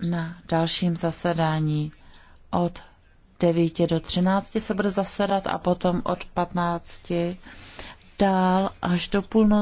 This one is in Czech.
na dalším zasedání od 9 do 13 se bude zasedat a potom od 15 dál až do půlnoci.